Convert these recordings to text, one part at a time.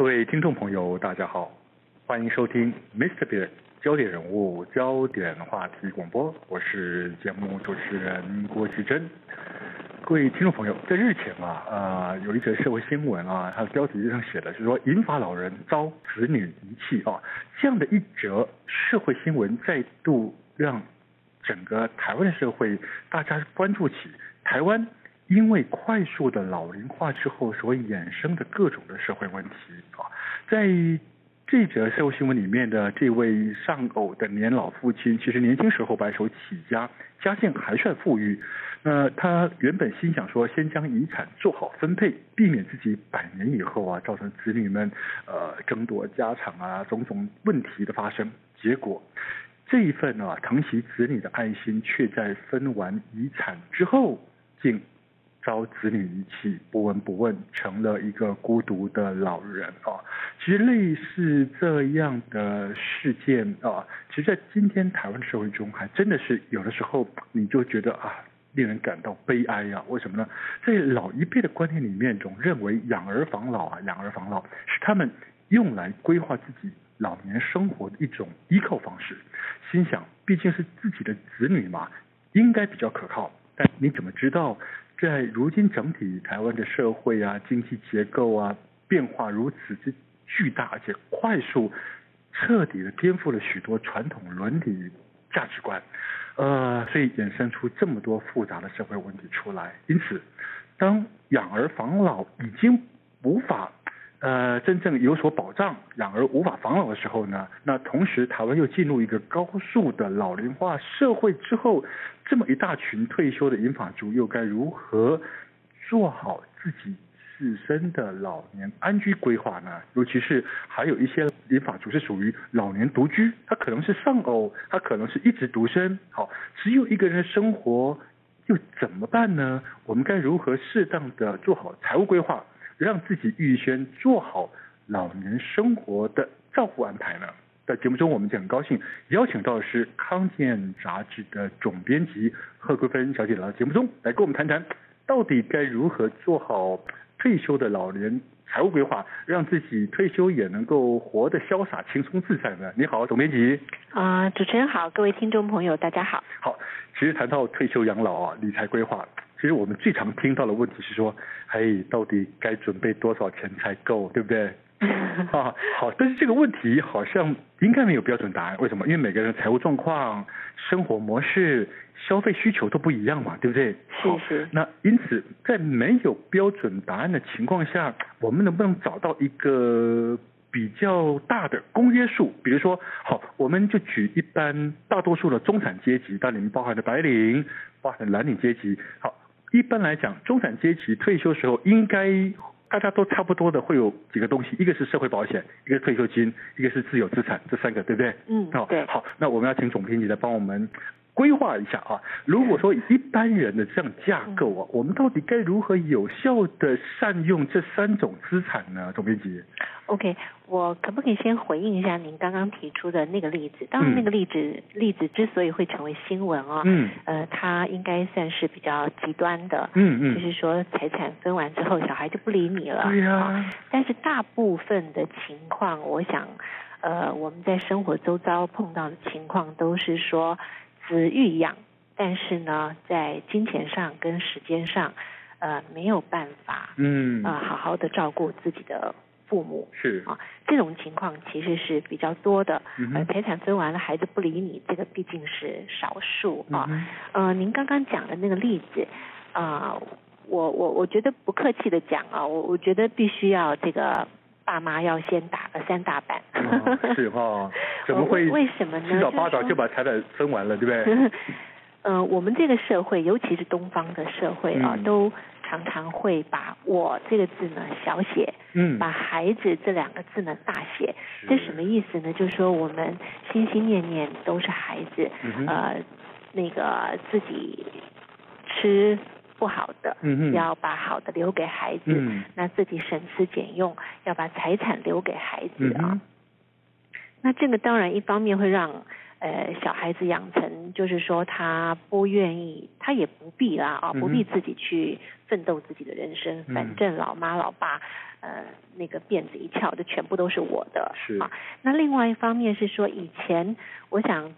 各位聽眾朋友，大家好，歡迎收聽 Mr.Big 焦點人物、焦點話題廣播，我是節目主持人郭啟珍，各位聽眾朋友，在日前啊，呃有一則社會新聞啊，它的標題上寫的是說銀髮老人遭子女遺棄啊、哦，這樣的一則社會新聞再度讓整個台灣社會大家關注起台灣。因為快速的老齡化之後所衍生的各種的社會問題啊，在這則社會新聞裡面的這位喪偶的年老父親，其實年輕時候白手起家，家境還算富裕。那他原本心想說，先將遺產做好分配，避免自己百年以後啊，造成子女們呃爭奪家產啊種種問題的發生。結果，這一份啊疼惜子女的愛心，卻在分完遺產之後竟。遭子女遺棄、不聞不問，成了一個孤獨的老人啊！其實類似這樣的事件啊，其實，在今天台灣社會中，還真的是有的時候，你就覺得啊，令人感到悲哀啊！為什麼呢？在老一輩的觀念裡面，總認為養兒防老啊，養兒防老是他們用來規劃自己老年生活的一種依靠方式。心想，畢竟是自己的子女嘛，應該比較可靠。但你怎麼知道？在如今整體台灣的社會啊、經濟結構啊變化如此之巨大，而且快速徹底的顛覆了許多傳統倫理價值觀，呃，所以衍生出這麼多複雜的社會問題出來。因此，當養兒防老已經無法。呃，真正有所保障，養兒無法防老的時候呢？那同時，台灣又進入一個高速的老齡化社會之後，這麼一大群退休的銀髮族又該如何做好自己自身的老年安居規劃呢？尤其是還有一些銀髮族是屬於老年獨居，他可能是喪偶，他可能是一直獨身，好，只有一個人生活，又怎麼辦呢？我們該如何適當的做好財務規劃？讓自己預先做好老年生活的照顧安排呢？在節目中，我們就很高興邀請到的是康健雜誌的總編輯賀桂芬小姐來到節目中來跟我們談談，到底該如何做好退休的老年財務規劃，讓自己退休也能夠活得瀟灑、輕鬆自在呢？你好，總編輯。啊、呃，主持人好，各位聽眾朋友，大家好。好，其實談到退休養老啊，理財規劃。其實我們最常聽到的問題是說，哎，到底該準備多少錢才夠，對不對？ 啊，好，但是這個問題好像應該沒有標準答案。為什麼？因為每個人的財務狀況、生活模式、消費需求都不一樣嘛，對不對？是是。那因此，在沒有標準答案的情況下，我們能不能找到一個比較大的公約數？比如說，好，我們就舉一般大多數的中產階級，但裡面包含的白領，包含藍領階級，好。一般來講，中產階級退休時候應該大家都差不多的會有幾個東西，一個是社會保險，一個是退休金，一個是自有資產，這三個對不對？嗯，對。好，那我們要請總編輯來幫我們。規劃一下啊！如果說一般人的這樣架構啊，嗯、我們到底該如何有效地善用這三種資產呢？總編輯。OK，我可不可以先回應一下您剛剛提出的那個例子？當然，那個例子、嗯、例子之所以會成為新聞啊、哦，嗯，呃，它應該算是比較極端的，嗯嗯，嗯，就是說財產分完之後，小孩就不理你了，對呀、啊。但是大部分的情況，我想，呃，我們在生活周遭碰到的情況都是說。子欲養，但是呢，在金錢上跟時間上，呃，沒有辦法，嗯、呃，好好的照顧自己的父母，是啊，這種情況其實是比較多的。財、嗯哼呃、產分完了，孩子不理你，這個畢竟是少數啊。嗯、哼呃您剛剛講的那個例子，啊、呃，我我我覺得不客氣的講啊，我我覺得必須要這個。爸媽要先打個三大板， 哦、是哈、哦？怎麼會？為什麼呢？七早八早就把財產分完了，對不對？嗯、就是呃，我們這個社會，尤其是東方的社會啊、嗯呃，都常常會把我這個字呢小寫，嗯、把孩子這兩個字呢大寫，是這什麼意思呢？就是說我們心心念念都是孩子，嗯、哼呃，那個自己吃不好的，嗯、哼要把好的留給孩子，嗯、那自己省吃儉用，要把財產留給孩子，嗯、哼啊。那這個當然一方面會讓呃小孩子養成，就是說他不願意，他也不必啦啊，啊嗯、哼不必自己去奮鬥自己的人生，嗯、反正老媽老爸呃那個辮子一翹，這全部都是我的是啊。那另外一方面是說以前我想。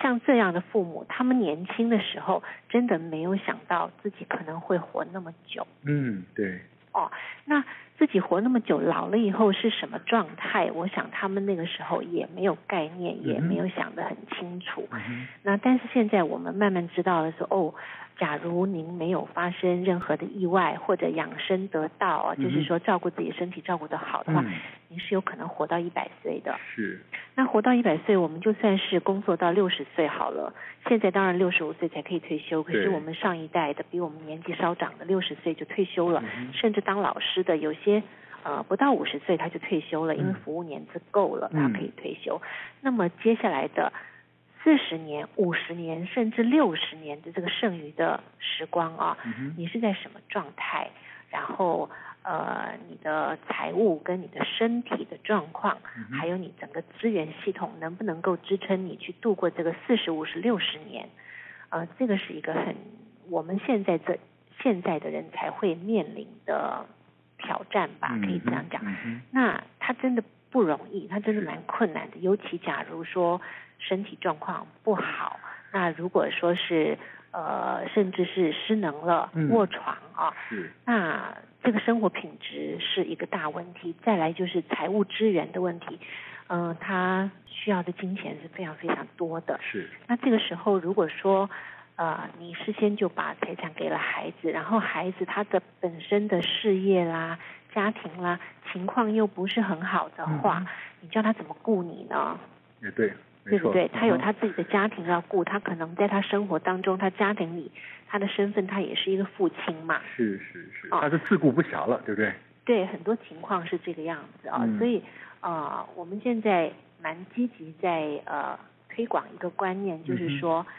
像這樣的父母，他們年輕的時候真的沒有想到自己可能會活那麼久。嗯，對。哦，那自己活那麼久，老了以後是什麼狀態？我想他們那個時候也沒有概念，嗯、也沒有想得很清楚。嗯、那但是現在我們慢慢知道了說，說哦。假如您沒有發生任何的意外或者養生得道、啊、就是說照顧自己身體照顧得好的話，嗯、您是有可能活到一百歲的。是。那活到一百歲，我們就算是工作到六十歲好了。現在當然六十五歲才可以退休，可是我們上一代的比我們年紀稍長的六十歲就退休了，對甚至當老師的有些呃不到五十歲他就退休了，嗯、因為服務年資夠了，他可以退休。嗯、那麼接下來的。四十年、五十年甚至六十年的這個剩餘的時光啊，mm hmm. 你是在什麼狀態？然後呃，你的財務跟你的身體的狀況，還有你整個資源系統能不能夠支撐你去度過這個四十五十六十年？呃，這個是一個很我們現在這現在的人才會面臨的挑戰吧，可以這樣講。Mm hmm. mm hmm. 那他真的。不容易，他真是蠻困難的。是尤其假如說身體狀況不好，那如果說是呃，甚至是失能了，嗯、臥床啊、哦，是，那這個生活品質是一個大問題。再來就是財務資源的問題，嗯、呃，他需要的金錢是非常非常多的。是，那這個時候如果說呃，你事先就把財產給了孩子，然後孩子他的本身的事業啦。家庭啦，情況又不是很好的話，嗯、你叫他怎麼顧你呢？也對，對不對？他有他自己的家庭要顧，嗯、他可能在他生活當中，他家庭裡，他的身份他也是一個父親嘛。是是是，哦、他是自顧不暇了，對不對？對，很多情況是這個樣子啊、哦。嗯、所以啊、呃，我們現在蠻積極在呃推廣一個觀念，就是說。嗯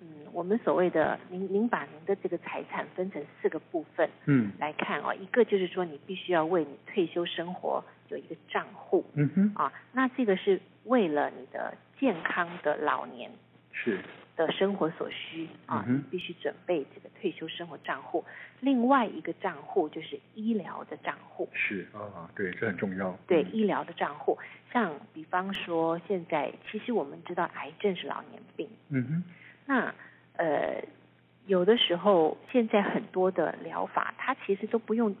嗯，我們所謂的您，您把您的這個財產分成四個部分，嗯，來看哦，嗯、一個就是說你必須要為你退休生活有一個賬戶，嗯哼，啊，那這個是為了你的健康的老年是的生活所需是啊，嗯、哼必須準備這個退休生活賬戶。另外一個賬戶就是醫療的賬戶，是啊，對，這很重要。對，嗯、醫療的賬戶，像比方說現在其實我們知道癌症是老年病，嗯哼。那呃，有的時候，現在很多的療法，它其實都不用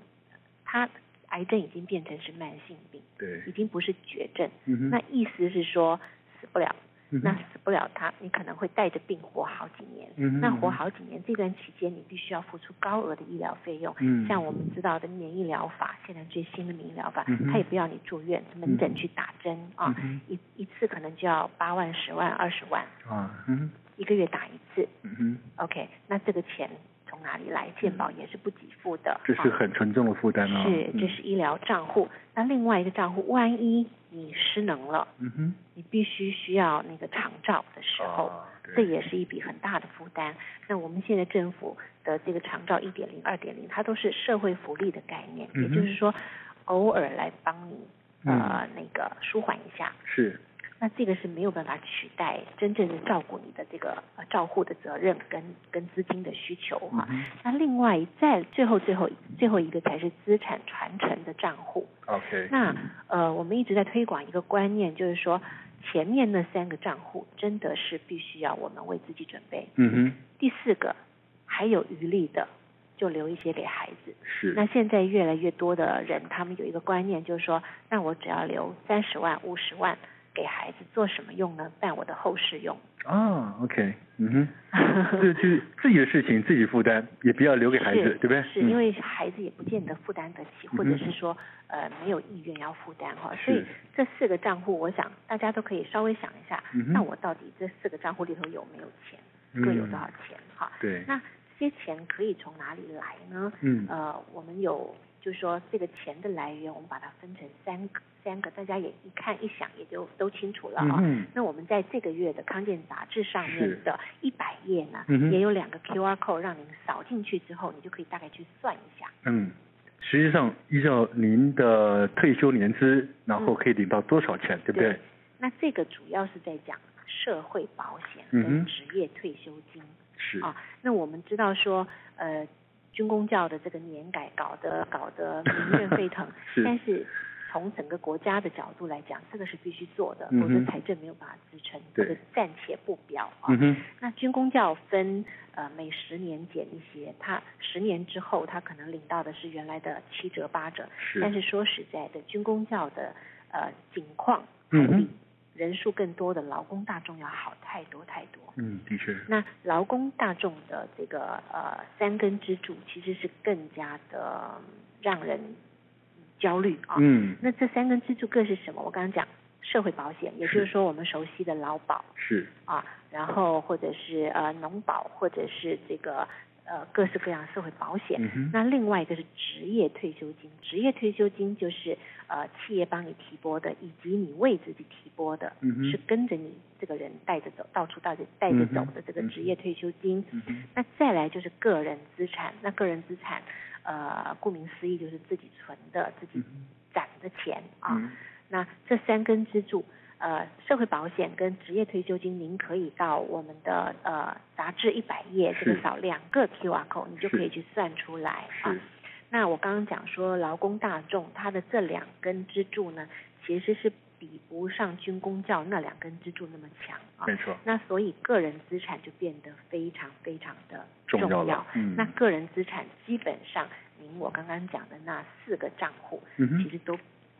它，癌症已經變成是慢性病，對，已經不是絕症，嗯、哼那意思是說死不了，嗯、哼那死不了它，你可能會帶着病活好幾年，嗯、哼那活好幾年這段期間，你必須要付出高額的醫療費用，嗯、像我們知道的免疫療法，現在最新的免疫療法，嗯、哼它也不要你住院，門診去打針，嗯、哼啊，嗯、哼一一次可能就要八萬、十萬、二十萬，啊，嗯一個月打一次，嗯哼，OK，那這個錢從哪裡來？健保也是不給付的，這是很沉重的負擔哦。是，這是醫療賬戶。那另外一個賬戶，萬一你失能了，嗯哼，你必須需要那個長照的時候，哦、這也是一筆很大的負擔。那我們現在政府的這個長照一點零、二點零，它都是社會福利的概念，嗯哼，也就是說偶爾來幫你呃、嗯、那個舒緩一下，是。那這個是沒有辦法取代真正的照顧你的這個呃照護的責任跟跟資金的需求哈。Mm-hmm. 那另外再最後最後最後一個才是資產傳承的賬戶。OK。那，那呃我們一直在推廣一個觀念，就是說前面那三個賬戶真的是必須要我們為自己準備。嗯嗯、mm，hmm. 第四個還有餘力的就留一些給孩子。是。那現在越來越多的人，他們有一個觀念就是說，那我只要留三十萬五十萬。給孩子做什麼用呢？辦我的後事用。啊、oh,，OK，嗯、mm、哼，自、hmm. 己 自己的事情自己負擔，也不要留給孩子， 是對不對？是因為孩子也不見得負擔得起，mm hmm. 或者是說呃沒有意願要負擔哈。哦、是所以這四個賬戶，我想大家都可以稍微想一下，那、mm hmm. 我到底這四個賬戶裡頭有沒有錢，mm hmm. 各有多少錢？哈、哦，對，那這些錢可以從哪裡來呢？嗯、mm，hmm. 呃，我們有。就是說，這個錢的來源，我們把它分成三個，三個，大家也一看一想，也就都清楚了啊、哦。嗯、哼那我們在這個月的康健雜誌上面的一百頁呢，嗯、也有兩個 QR code，讓您掃進去之後，你就可以大概去算一下。嗯，實際上依照您的退休年資，嗯、然後可以領到多少錢，對不對，對？那這個主要是在講社會保險跟職業退休金。嗯、是啊、哦，那我們知道說，呃。軍公教的這個年改搞得搞得民怨沸騰， 是但是從整個國家的角度來講，這個是必須做的，否則、嗯、哼財政沒有辦法支撐，對這個暫且不表啊。嗯、哼那軍公教分呃每十年減一些，它十年之後它可能領到的是原來的七折八折，是但是說實在的，軍公教的呃景況不人數更多的勞工大眾要好太多太多，嗯，的確。那勞工大眾的這個呃三根支柱其實是更加的讓人焦慮啊、哦。嗯。那這三根支柱各是什麼？我剛剛講社會保險，也就是說我們熟悉的勞保是啊，然後或者是呃農保或者是這個。呃，各式各樣的社會保險，嗯、哼那另外一個是職業退休金，職業退休金就是呃企業幫你提撥的，以及你為自己提撥的，嗯、哼是跟着你這個人帶着走，到處帶着帶着走的這個職業退休金。嗯、哼那再來就是個人資產，那個人資產，呃，顧名思義就是自己存的、自己攢的錢、嗯、哼啊。那這三根支柱。呃，社會保險跟職業退休金，您可以到我們的呃雜誌一百頁是這個掃兩個 QR code，是你就可以去算出來。是啊。那我剛剛講說，勞工大眾他的這兩根支柱呢，其實是比不上軍公教那兩根支柱那麼強啊。沒錯。那所以個人資產就變得非常非常的重要，重要了嗯。那個人資產基本上，您我剛剛講的那四個賬戶，嗯、哼其實都。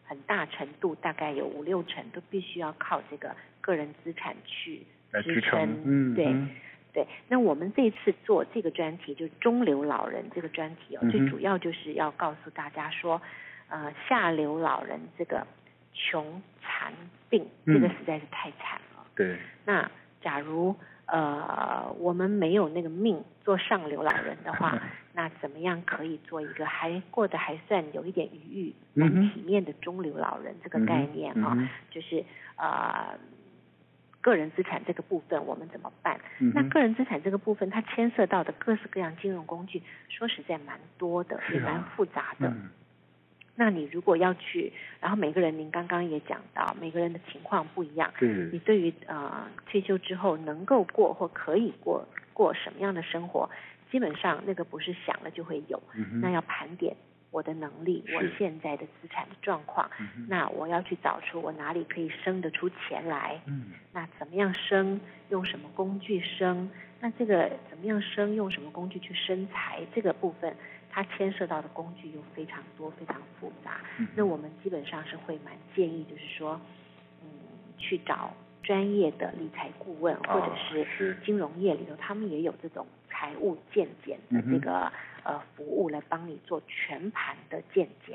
很大程度大概有五六成，都必須要靠這個個人資產去支撐，去成對、嗯、哼對。那我們這次做這個專題，就中流老人這個專題哦，嗯、哼最主要就是要告訴大家說，呃，下流老人這個窮、殘、病，這個實在是太慘了。嗯、對。那假如。呃，我們沒有那個命做上流老人的話，那怎麼樣可以做一個還過得還算有一點餘裕、蠻體面的中流老人？嗯、哼這個概念啊、哦，嗯嗯、就是呃，個人資產這個部分我們怎麼辦？嗯、哼那個人資產這個部分，它牽涉到的各式各樣金融工具，說實在蠻多的，也蠻複雜的。那你如果要去，然後每個人，您剛剛也講到，每個人的情況不一樣。嗯。你對於呃退休之後能夠過或可以過過什麼樣的生活，基本上那個不是想了就會有。嗯哼。那要盤點我的能力，是我現在的資產的狀況。嗯哼。那我要去找出我哪裡可以生得出錢來。嗯。那怎麼樣生？用什麼工具生？那這個怎麼樣生？用什麼工具去生財？這個部分。它牽涉到的工具又非常多、非常複雜，那我們基本上是會蠻建議，就是說，嗯，去找專業的理財顧問，或者是、哦、是金融業裡頭，他們也有這種財務健檢的這個、嗯、哼呃服務，來幫你做全盤的健檢。